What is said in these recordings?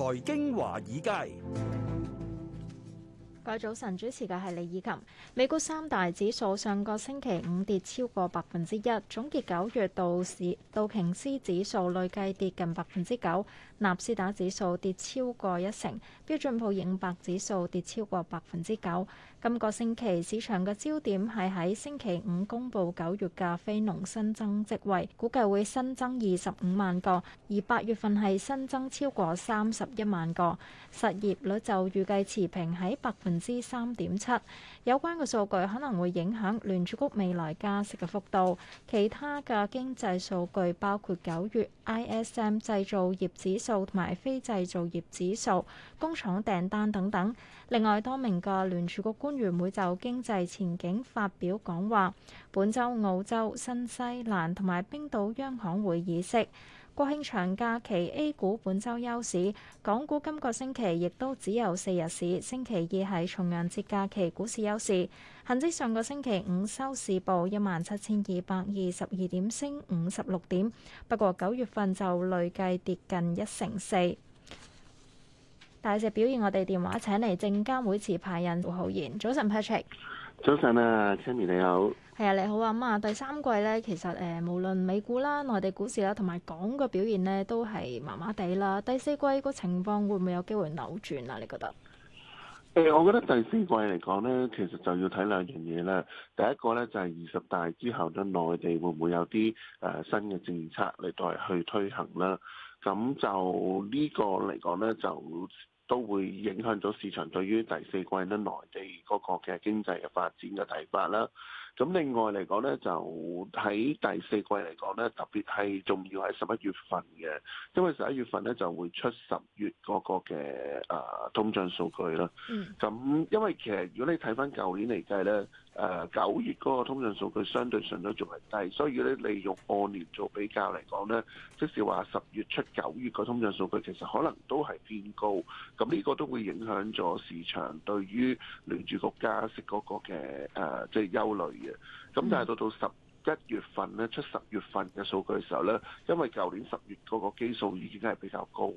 財經華爾街。各早晨，主持嘅係李以琴。美國三大指數上個星期五跌超過百分之一，總結九月市道，市道瓊斯指數累計跌近百分之九，納斯達指數跌超過一成，標準普爾五百指數跌超過百分之九。今個星期市場嘅焦點係喺星期五公布九月嘅非農新增職位，估計會新增二十五萬個，而八月份係新增超過三十一萬個，失業率就預計持平喺百分百分之三點七，有關嘅數據可能會影響聯儲局未來加息嘅幅度。其他嘅經濟數據包括九月 ISM 製造業指數同埋非製造業指數、工廠訂單等等。另外，多名嘅聯儲局官員會就經濟前景發表講話，本周澳洲、新西蘭同埋冰島央行會議式。國慶長假期 A 股本週休市，港股今個星期亦都只有四日市，星期二係重陽節假期，股市休市。恒指上個星期五收市報一萬七千二百二十二點，升五十六點。不過九月份就累計跌近一成四。大謝表現，我哋電話請，請嚟證監會持牌人胡浩然。早晨，Patrick。早晨啊，Chamie 你好。誒，你好啊，咁、嗯、啊，第三季咧，其實誒、呃，無論美股啦、內地股市啦，同埋港股表現咧，都係麻麻地啦。第四季個情況會唔會有機會扭轉啊？你覺得？誒、欸，我覺得第四季嚟講咧，其實就要睇兩樣嘢啦。第一個咧就係、是、二十大之後咧，內地會唔會有啲誒、呃、新嘅政策嚟代去推行啦？咁就個呢個嚟講咧，就都會影響咗市場對於第四季咧內地嗰個嘅經濟嘅發展嘅睇法啦。咁另外嚟講咧，就喺第四季嚟講咧，特別係仲要係十一月份嘅，因為十一月份咧就會出十月嗰個嘅誒通脹數據啦。嗯。咁因為其實如果你睇翻舊年嚟計咧，誒九月嗰個通脹數據相對上都仲係低，所以咧利用按年做比較嚟講咧，即使話十月出九月個通脹數據其實可能都係偏高。咁呢個都會影響咗市場對於聯儲局加息嗰個嘅誒即係憂慮。就是咁但係到到十。一月份咧出十月份嘅數據嘅時候咧，因為舊年十月嗰個基數已經係比較高，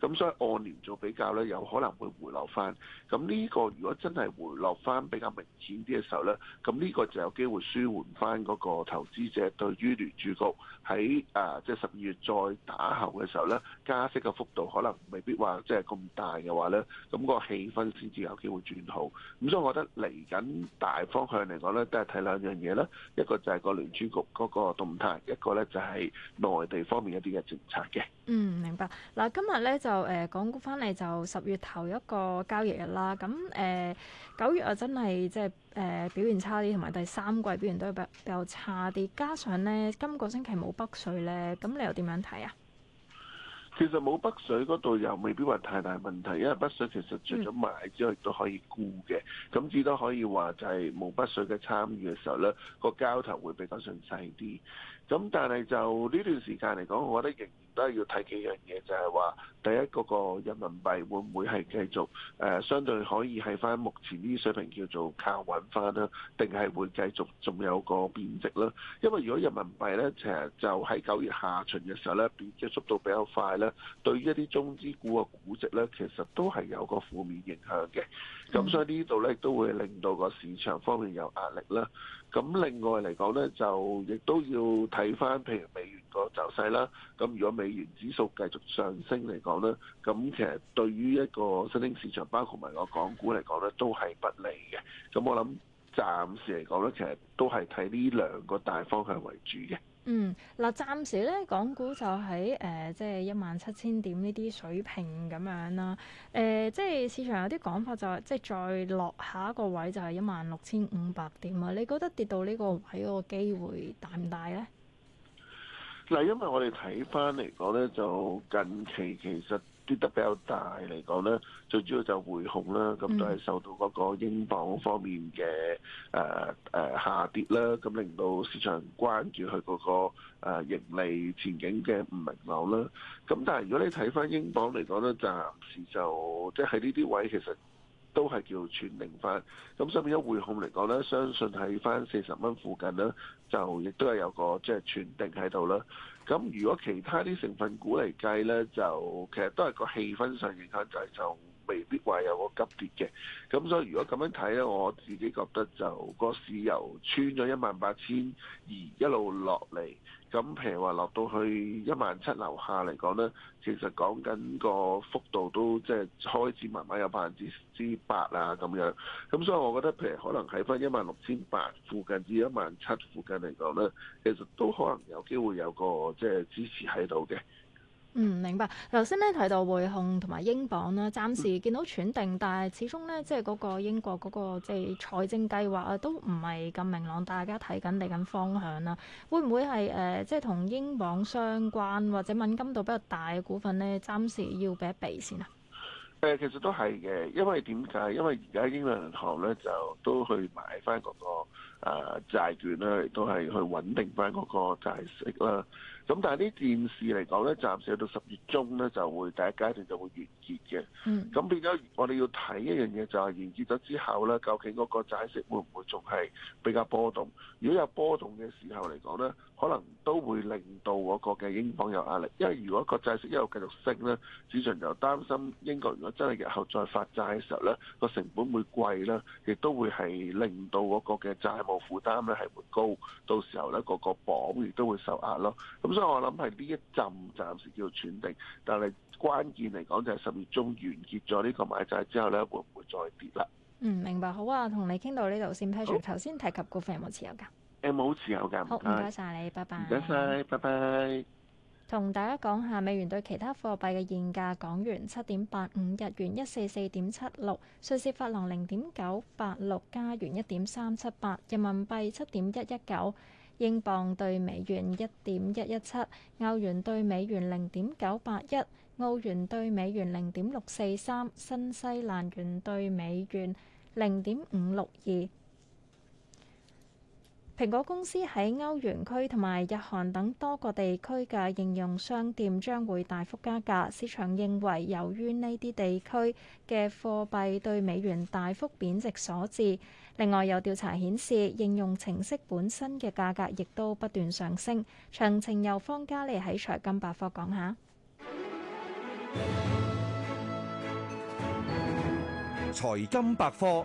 咁所以按年做比較咧，有可能會回落翻。咁呢個如果真係回落翻比較明顯啲嘅時候咧，咁呢個就有機會舒緩翻嗰個投資者對於聯儲局喺啊即係十二月再打後嘅時候咧，加息嘅幅度可能未必話即係咁大嘅話咧，咁個氣氛先至有機會轉好。咁所以我覺得嚟緊大方向嚟講咧，都係睇兩樣嘢啦，一個就係個聯主局嗰個動態，一個咧就係內地方面一啲嘅政策嘅。嗯，明白。嗱，今日咧就誒港股翻嚟就十月頭一個交易日啦。咁誒九月啊，真係即係誒表現差啲，同埋第三季表現都係比較比較差啲。加上咧，今個星期冇北水咧，咁你又點樣睇啊？其實冇北水嗰度又未必話太大問題，因為北水其實除咗賣之外都可以沽嘅，咁至、嗯、多可以話就係冇北水嘅參與嘅時候咧，個交投會比較順勢啲。咁但係就呢段時間嚟講，我覺得仍，要睇幾樣嘢，就係話第一嗰個人民幣會唔會係繼續誒、呃、相對可以喺翻目前呢啲水平叫做靠穩翻啦，定係會繼續仲有個貶值啦？因為如果人民幣咧其實就喺九月下旬嘅時候咧貶值速度比較快咧，對於一啲中資股嘅估值咧其實都係有個負面影響嘅。咁所以呢度咧都會令到個市場方面有壓力啦。咁另外嚟講咧就亦都要睇翻譬如美元個走勢啦。咁如果美原指數繼續上升嚟講咧，咁其實對於一個新興市場，包括埋個港股嚟講咧，都係不利嘅。咁我諗暫時嚟講咧，其實都係睇呢兩個大方向為主嘅。嗯，嗱，暫時咧港股就喺誒、呃、即係一萬七千點呢啲水平咁樣啦。誒、呃，即係市場有啲講法就即係再落下一個位就係一萬六千五百點啊。你覺得跌到呢個位嗰個機會大唔大咧？嗱，因為我哋睇翻嚟講咧，就近期其實跌得比較大嚟講咧，最主要就回紅啦，咁都係受到嗰個英鎊方面嘅誒誒下跌啦，咁令到市場關注佢嗰個誒盈利前景嘅唔明朗啦。咁但係如果你睇翻英鎊嚟講咧，暫時就即係喺呢啲位其實。都係叫全定翻，咁上面一匯控嚟講咧，相信喺翻四十蚊附近咧，就亦都係有個即係、就是、全定喺度啦。咁如果其他啲成分股嚟計咧，就其實都係個氣氛上影響就係、是、就。未必話有個急跌嘅，咁所以如果咁樣睇咧，我自己覺得就個市由穿咗一萬八千而一路落嚟，咁譬如話落到去一萬七樓下嚟講咧，其實講緊個幅度都即係開始慢慢有百分之之八喇咁樣，咁所以我覺得譬如可能喺返一萬六千八附近至一萬七附近嚟講咧，其實都可能有機會有個即係、就是、支持喺度嘅。嗯，明白。頭先咧提到匯控同埋英鎊啦，暫時見到喘定，但係始終咧即係嗰個英國嗰、那個即係財政計劃啊，都唔係咁明朗。大家睇緊嚟緊方向啦，會唔會係誒、呃、即係同英鎊相關或者敏感度比較大嘅股份咧？暫時要俾一避先啊。誒，其實都係嘅，因為點解？因為而家英倫銀行咧就都去買翻、那、嗰個。誒、啊、債券咧，亦都係去穩定翻嗰個債息啦。咁但係啲電視嚟講咧，暫時到十月中咧就會第一階段就會完結嘅。咁變咗，我哋要睇一樣嘢就係、是、完結咗之後咧，究竟嗰個債息會唔會仲係比較波動？如果有波動嘅時候嚟講咧。可能都會令到我個嘅英鎊有壓力，因為如果個債息一路繼續升咧，市場就擔心英國如果真係日後再發債嘅時候咧，個成本會貴啦，亦都會係令到我個嘅債務負擔咧係會高，到時候咧個個鎊亦都會受壓咯。咁所以我諗係呢一陣暫時叫轉定，但係關鍵嚟講就係十月中完結咗呢個買債之後咧，會唔會再跌啦？嗯，明白，好啊，同你傾到呢度先。Patrick 頭先好提及股份有冇持有㗎？M 好持有嘅，好唔該曬你，拜拜。唔該曬，拜拜。同大家講下美元對其他貨幣嘅現價：港元七點八五，日元一四四點七六，瑞士法郎零點九八六，加元一點三七八，人民幣七點一一九，英鎊對美元一點一一七，歐元對美元零點九八一，澳元對美元零點六四三，新西蘭元對美元零點五六二。蘋果公司喺歐元區同埋日韓等多個地區嘅應用商店將會大幅加價，市場認為由於呢啲地區嘅貨幣對美元大幅貶值所致。另外有調查顯示，應用程式本身嘅價格亦都不斷上升。詳情由方家利喺財金百科講下。財金百科。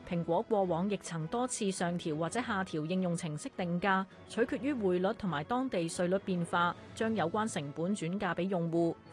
蘋果過往亦曾多次上調或者下調應用程式定價，取決於匯率同埋當地稅率變化，將有關成本轉嫁俾用戶。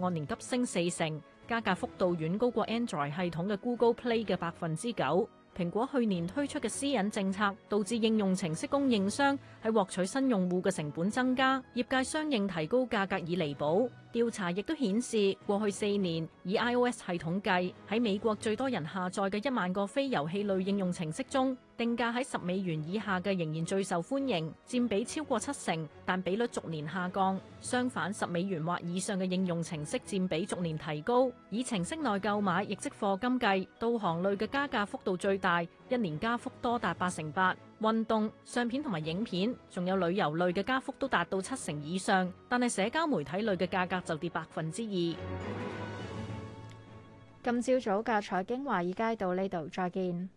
按年急升四成，加價幅度遠高過 Android 系統嘅 Google Play 嘅百分之九。蘋果去年推出嘅私隱政策，導致應用程式供應商喺獲取新用戶嘅成本增加，業界相應提高價格以彌補。調查亦都顯示，過去四年以 iOS 系統計，喺美國最多人下載嘅一萬個非遊戲類應用程式中，定價喺十美元以下嘅仍然最受歡迎，佔比超過七成，但比率逐年下降。相反，十美元或以上嘅應用程式佔比逐年提高。以程式內購買亦即課金計，導航類嘅加價幅度最大一年加幅多達八成八，運動相片同埋影片，仲有旅遊類嘅加幅都達到七成以上，但係社交媒體類嘅價格就跌百分之二。今朝早嘅財經華爾街到呢度再見。